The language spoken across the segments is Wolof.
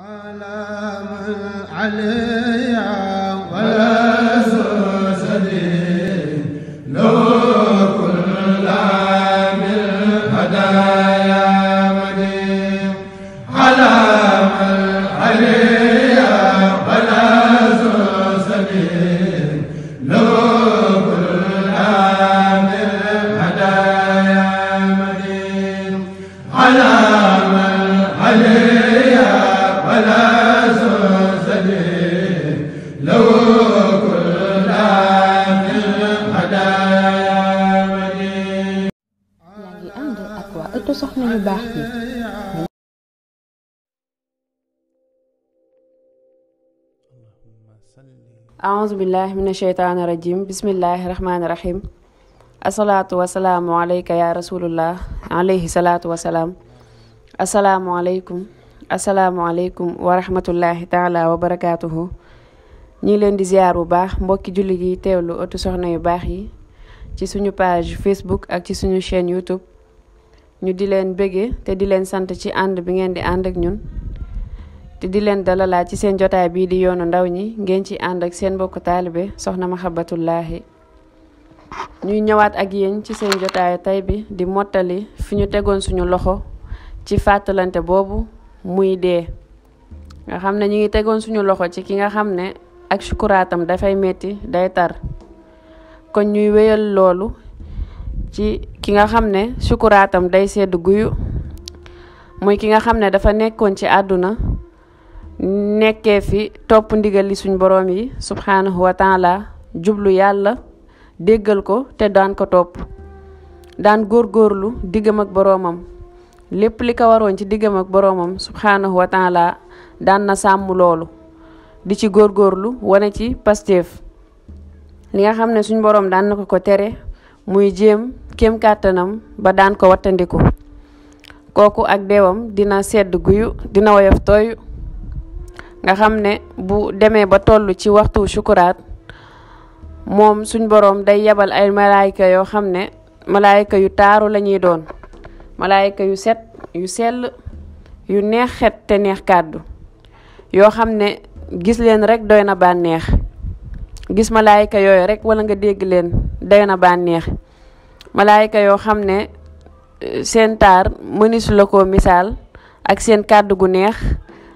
على من ولا لو ahousubillah min asheytaan irajim bismillahi rahmaanirahim asalaatu wasalaamu aleyka yaa rasulullah alayhi salaatu wasalaam asalaamualeykum asalaamualeykum wa rahmatullahi taala wa barakaatuhu ñu ngi leen di ziar bu baax mbokki jullit yi teewlu ëttu soxna yu baax yi ci suñu page facebook ak ci suñu chaîne youtube ñu di leen bëggee te di leen sant ci ànd bi ngeen di ànd ak ñun te di leen dalalaa ci seen jotaay bii di yoonu ndaw ñi ngeen ci ànd ak seen mbokku taalibe soxna Maxabatullaahi ñuy ñëwaat ak yeen ci seen jotaay tey bi di mottali fi ñu tegoon suñu loxo ci fàttalante boobu muy dee nga xam ne ñu ngi tegoon suñu loxo ci ki nga xam ne ak sukuraatam dafay metti day tar kon ñuy wéyal loolu ci ki nga xam ne sukuraatam day sedd guyu muy ki nga xam ne dafa nekkoon ci àdduna nekke fi topp ndigal li suñ boroom yi subhaanahu wa taala jublu yàlla déggal ko te daan ko topp daan góor góorgóorlu diggam ak boroomam lépp li ko waroon ci diggam ak boroomam subhaanahu wa taala daan na sàmm loolu di ci góor góorlu wone ci Pastef li nga xam ne suñ boroom daan na ko ko tere muy jéem kem kàttanam ba daan ko wattandiku kooku ak deewam dina sedd guyu dina woyof tooyu nga xam ne bu demee ba toll ci waxtu sukuraat moom suñ boroom day yebal ay malaayka yoo xam ne malaayka yu taaru la ñuy doon malaayka yu set yu sell yu neex xet te neex kàddu yoo xam ne gis leen rek doy na bànneex gis malaayka yooyu rekk wala nga dégg leen doy na bànneex malaayka yoo xam ne eh, seen taar mënisu la ko misaal ak seen kàddu gu neex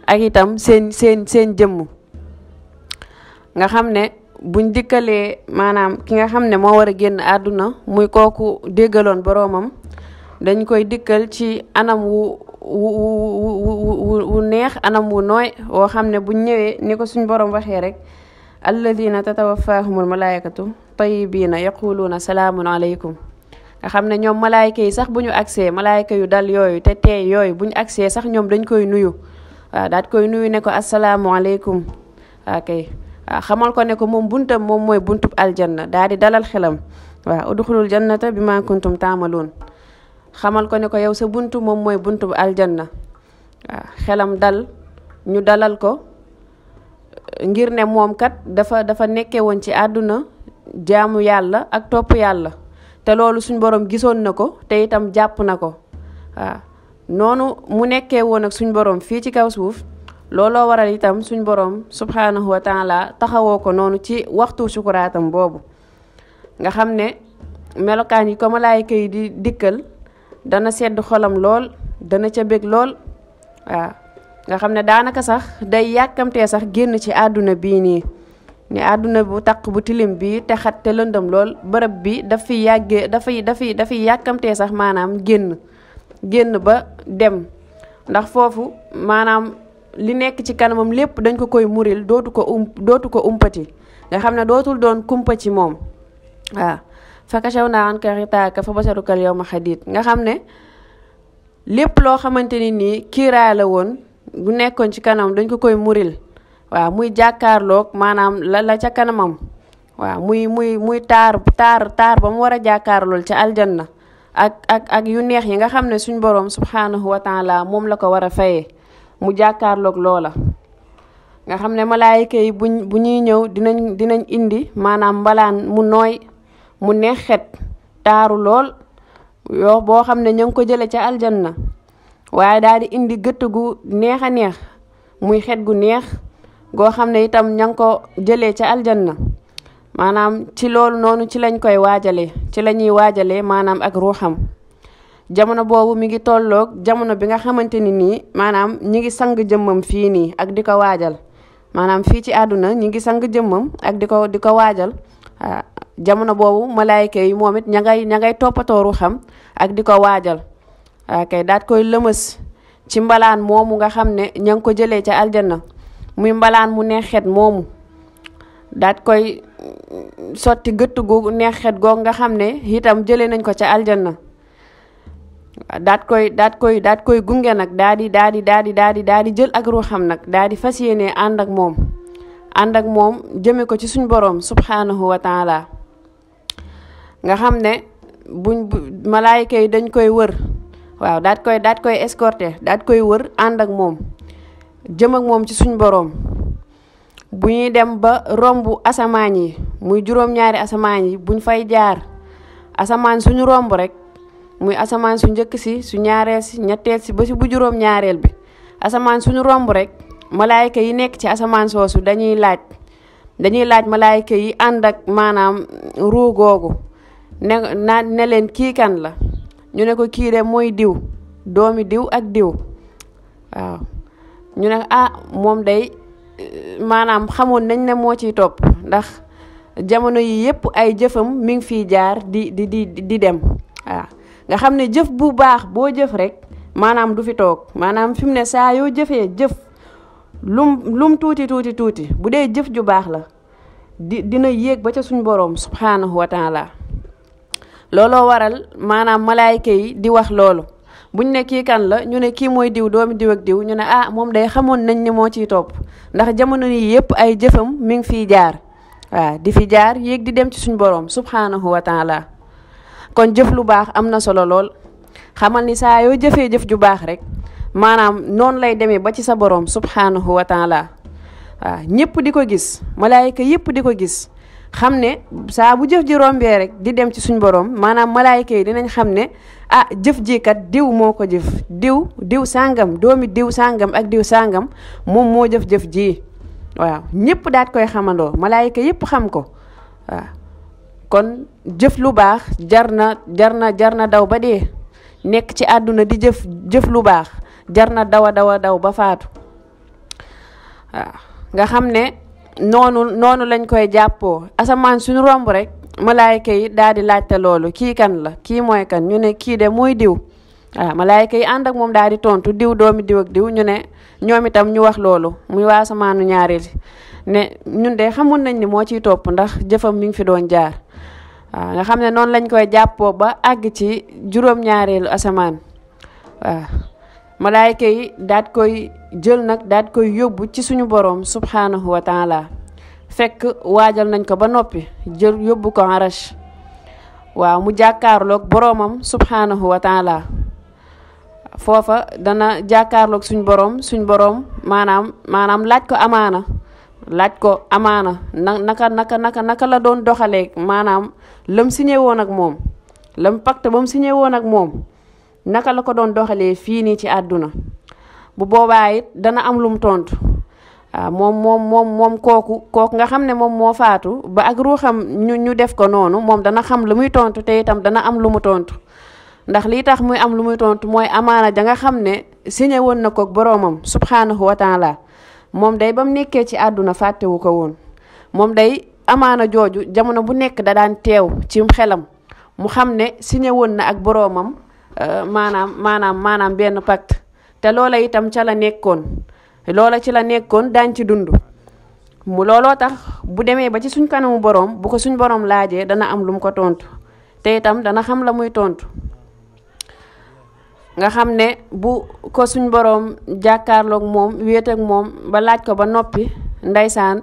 ak itam seen seen seen jëmm nga xam ne buñ dikkalee maanaam ki nga xam ne moo war a génn àdduna muy kooku déggaloon boroomam dañ koy dikkal ci anam wu wu neex anam wu nooy woo xam ne buñ ñëwee ni ko suñ boroom waxee rek alladina tatawafaahumul malaayikatu tayibiina yaquluuna salaamun aleykum nga xam ne ñoom malaayka yi sax bu ñu agsee malaayka yu dal yooyu te teey yooyu bu ñu agsee sax ñoom dañ koy nuyu waaw ah, daat koy nuyu ne ko asalaamaaleykum waaw ah, kay waaw ah, xamal ko neko moom buntam moom mooy buntub aljanna daal di dalal xelam waaw udxulul jannata bi maa kuntum taamaloon xamal ko ne ko yow sa buntu moom mooy buntub aljanna waaw xelam dal ñu dalal ko ngir ne moom kat dafa dafa nekke woon ci àdduna jaamu yàlla ak topp yàlla te loolu suñ boroom gisoon na ko te itam jàpp na ko waaw noonu mu nekkee woon ak suñ borom fii ci kaw suuf looloo waral itam suñ borom subhaanahu wa taala taxawoo ko noonu ci waxtu sukuraatam boobu nga xam ne melokaan yi ko malaayka yi di dikkal dana sedd xolam lool dana ca bég lool waaw nga xam ne daanaka sax day yàkkamtee sax génn ci àdduna bii nii ni àdduna bu taq bu tilim bi te xat te lëndëm lool bërëb bi daf fi yàggee dafay dafay dafay yàkkamtee sax maanaam génn génn ba dem ndax foofu maanaam li nekk ci kanamam lépp dañ ko koy muril dootu ko um dootu ko umpati nga xam ne dootul doon kumpa ci moom waaw na kashawna anka ghitaaka fa basaruka al-yawma hadiid nga xam ne lépp loo xamante ni nii kiiraay woon bu nekkoon ci kanam dañ ko koy muril waaw muy jàkkaarloog maanaam la la ca kanamam waaw muy muy muy taar taar taar ba mu war a jàkkaarlool ca aljanna ak ak ak yu neex yi nga xam ne suñ boroom subhaanahu wa taala moom la ko war a fayee mu jàkkaarloog loola nga xam ne malaayika yi buñ bu ñuy ñëw dinañ dinañ indi maanaam mbalaan mu nooy mu neex xet taaru lool yo boo xam ne ña ngi ko jële ca aljanna waaye daal di indi gëtt gu neex a neex muy xet gu neex goo xam ne itam ña ngi ko jëlee ca aljanna maanaam ci loolu noonu ci lañ koy waajalee ci la ñuy waajalee maanaam ak ruuxam jamono boobu mi ngi tolloog jamono bi nga xamante ni nii maanaam ñi ngi sang jëmmam fii nii ak di ko waajal maanaam fii ci àdduna ñi ngi sang jëmmam ak di ko di ko waajal ah, jamono boobu malaayka yi moom it ña ngay ña ngay toppatoo ruuxam ak di ko waajal ah, kay daat koy lëmës ci mbalaan moomu nga xam ne ña ngi ko jëlee ci aljana muy mbalaan mu neexet moomu daat koy sotti gëtt gu neexet googu nga xam ne itam jëlee nañ ko ca aljanna daat koy daat koy daat koy gunge nag daa di daa jël ak xam nag daa di fas yéenee ànd moom ànd moom jëme ko ci suñ boroom subhaanahu wa taala nga xam ne malaayika yi dañ koy wër waaw daat koy daat koy escorté daat koy wër ànd moom jëm moom ci suñ boroom bunyi damba dem ba rombu asamaan yi muy juróom ñaari asamaan yi buñ fay jaar asamaan suñu romb rek muy asamaan su njëkk si su ñaareel si ñetteel si ba si bu juróom ñaareel bi asamaan suñu romb rek malaayika yi nekk ci asamaan soosu dañuy laaj dañuy laaj malaayika yi ànd ak maanaam ruu googu ne na ne leen kan la ñu ne ko kii de mooy diw doomi diw ak diw waaw ñu ne ah moom day maanaam xamoon nañ ne moo ciy topp ndax jamono yii yëpp ay jëfam mi ngi fiy jaar di di di di dem waaw nga xam ne jëf bu baax boo jëf rek maanaam du fi toog maanaam fi mu ne saa yoo jëfee jëf lum lum tuuti tuuti tuuti bu dee jëf ju baax la di dina yéeg ba ca suñ boroom subhaanahu wa taala looloo waral maanaam malaayka yi di wax loolu buñ ne kii kan la ñu ne kii mooy diw doomi diw ak diw ñu ne ah moom day xamoon nañ ni moo ciy topp ndax jamono nii yépp ay jëfam mi ngi fiy jaar waaw di fi jaar yéeg di dem ci suñ boroom subhaanahu wa taala kon jëf lu baax am na solo lool xamal ni saa yoo jëfee jëf ju baax rek maanaam noonu lay demee ba ci sa boroom subhaanahu wa taala waaw ñépp di ko gis malaayika yépp di ko gis xam ne saa bu jëf ji rombee rek di dem ci suñ borom maanaam malaayika yi dinañ xam ne ah jëf ji kat diw moo ko jëf diw diw sàngam doomi diw sàngam ak diw sàngam moom moo jëf jëf ji waaw ñëpp daat koy xamandoo malaayika yépp xam ko kon jëf lu baax jar na jar na jar na daw ba dee nekk ci àdduna di jëf jëf lu baax jar na dawa dawa daw ba faatu nga xam ne noonu noonu lañ koy jàppoo asamaan suñu romb rek malaayka yi daal di laajte loolu kii kan la kii mooy kan ñu ne kii de mooy diw waaw malaayka yi ànd ak moom daal di tontu diw doomi diw ak diw ñu ne ñoom itam ñu wax loolu muy waa asamaanu ñaareel ne ñun de xamoon nañ ni moo ciy topp ndax jëfam mi ngi fi doon jaar waaw nga xam ne noonu lañ koy jàppoo ba àgg ci juróom-ñaareelu asamaan waaw malaayka yi daat koy jël nag daat koy yóbbu ci suñu boroom subhaanahu wa taala fekk waajal nañ ko ba noppi jël yóbbu ko arash waaw mu jàkkaarloog boroomam subhaanahu wa taala foofa dana jàkkaarloog suñ borom suñ boroom maanaam maanaam laaj ko amaana laaj ko amaana na naka naka naka naka la doon doxaleek maanaam lam signé woon ak moom lam pacte ba mu signé woon ak moom naka la ko doon doxalee fii nii ci àdduna bu boobaa it dana am lum tontu waaw ah, moom moom moom moom kooku kook nga xam ne moom moo faatu ba agru xam ñu ñu def ko noonu moom dana xam lu muy tontu te itam dana am lu mu tontu ndax lii tax muy am lu muy tontu mooy amaana ja nga xam ne signé woon na ko boroomam subhaanahu wa taala moom day bam nekkee ci àdduna fàttewu ko woon moom day amaana jooju jamono bu nekk da daan teew ci xelam mu xam ne signé woon na ak boroomam. Euh, maanaam maanaam maanaam benn pacte te loola itam ca la nekkoon loola ci la nekkoon daañ ci dund mu looloo tax bu demee ba ci suñ kanamu boroom bu ko suñ boroom laajee dana am lu mu ko tontu te itam dana xam la muy tontu nga xam ne bu ko suñ boroom jàkkaarloog moom wéet moom ba laaj ko ba noppi ndeysaan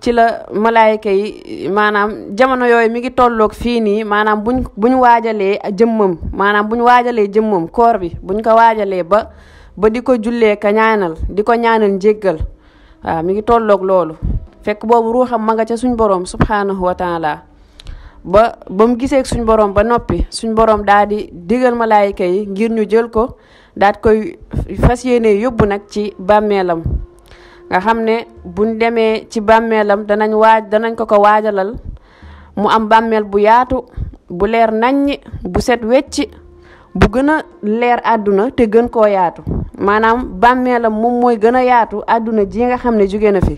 ci la malaayka yi maanaam jamono yooyu mi ngi tolloog fii nii maanaam buñ buñ waajalee jëmmam maanaam buñ waajalee jëmmam koor bi buñ ko waajalee ba ba di ko jullee ka ñaanal di ko ñaanal njéggal waaw mi ngi tolloog loolu fekk boobu ruuxam ma nga ca suñ boroom subhaanahu wa taala ba ba mu gisee suñ borom ba noppi suñ borom daa di digal malaayka yi ngir ñu jël ko daat koy fas yéene yóbbu nag ci bàmmeelam nga xam ne buñ demee ci bàmmeelam danañ waaj danañ ko ko waajalal mu am bàmmeel bu yaatu bu leer naññi bu set wecci bu gën a leer àdduna te gën koo yaatu maanaam bàmmeelam moom mooy gën a yaatu àdduna ji nga xam ne jóge na fi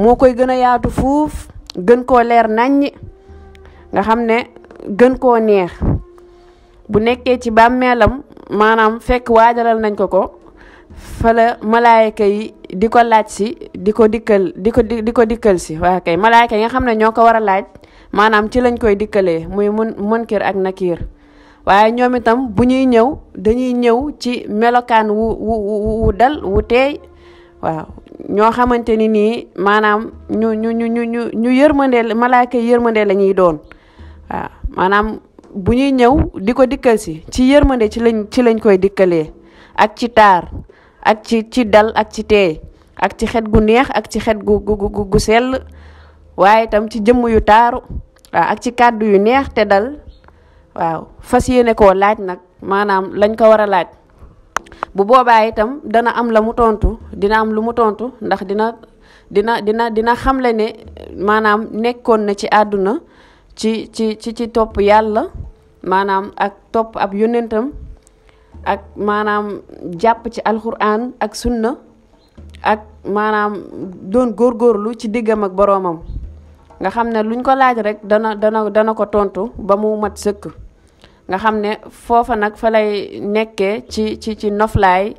moo koy gën a yaatu fuuf gën koo leer naññi nga xam ne gën koo neex bu nekkee ci bàmmeelam maanaam fekk waajalal nañ ko ko fala malaayka yi di ko laaj si di ko dikkal di ko di ko dikkal si waa kay malaayka yi nga xam ne ñoo ko war a laaj maanaam ci lañ koy dikkalee muy mun munkir ak nakiir waaye ñoom itam bu ñuy ñëw dañuy ñëw ci melokaan wu wu wu dal wu teey waaw ñoo xamante ni nii maanaam ñu ñu ñu ñu ñu ñu yërmande malaayka yi yërmande la doon waaw maanaam bu ñuy ñëw di ko dikkal si ci yërmande ci lañ ci lañ koy dikkalee ak ci taar ak ci ci dal ak ci teey ak ci xet gu neex ak ci xet gu gu gu sell waaye tam ci jëmm yu taaru waaw ak ci kàddu yu neex te dal waaw fas yéene koo laaj nag maanaam lañ ko war a laaj bu boobaa itam dana am la mu tontu dina am lu mu tontu ndax dina dina dina dina xamle ne maanaam nekkoon na ci àdduna ci ci ci ci topp yàlla maanaam ak topp ab yónnentam ak maanaam jàpp ci alxuraan ak suñ na ak maanaam doon góorgóorlu ci diggam ak boroomam nga xam ne luñ ko laaj rek dana dana dana ko tontu ba mu mat sëkk nga xam ne foofa nag fa lay nekkee ci ci ci noflaay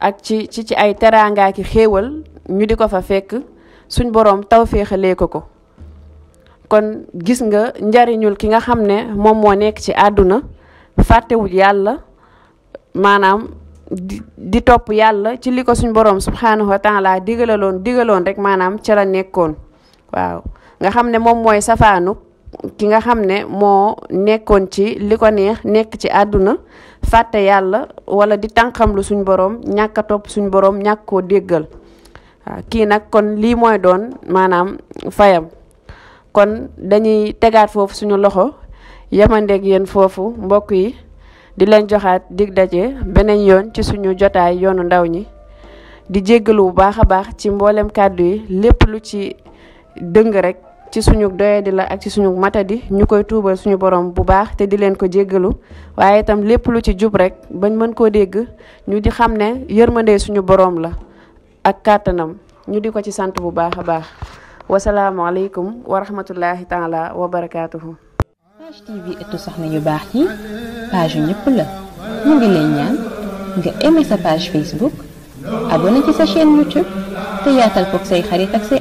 ak ci ci ci ay teraangaa ki xéewal ñu di ko fa fekk suñ boroom tawféexalee ko ko kon gis nga njariñul ki nga xam ne moom moo nekk ci àdduna fàttewul yàlla maanaam di topp yàlla ci liko ko suñ borom subhanahu wa taala digalaloon digaloon rek maanaam ca la nekkoon waaw nga xam ne moom mooy safaanu ki nga xam ne moo nekkoon ci li ko neex nekk ci àdduna fàtte yàlla wala di tanqam lu suñ borom ñàkk a topp suñ borom ñàkk koo déggal kii nag kon lii mooy doon maanaam fayam kon dañuy tegaat foofu suñu loxo yamandeeg yéen foofu mbokk yi di leen joxaat dig daje beneen yoon ci suñu jotaay yoonu ndaw ñi di jéggalu bu baax a baax ci mboolem kàddu yi lépp lu ci dëng rek ci suñu di la ak ci suñu matadi ñu koy tuubal suñu borom bu baax te di leen ko jéggalu waaye itam lépp lu ci jub rek bañ mën koo dégg ñu di xam ne yërmande suñu borom la ak kàttanam ñu di ko ci sant bu baax a baax wasalaamaaleykum wa rahmatullahi taala wa barakatuhu Page TV ëttu soxna yu baax yi page yu ñëpp la mu ngi lay ñaan nga aimé sa page Facebook abonné ci sa chaîne YouTube te yaatal say xarit say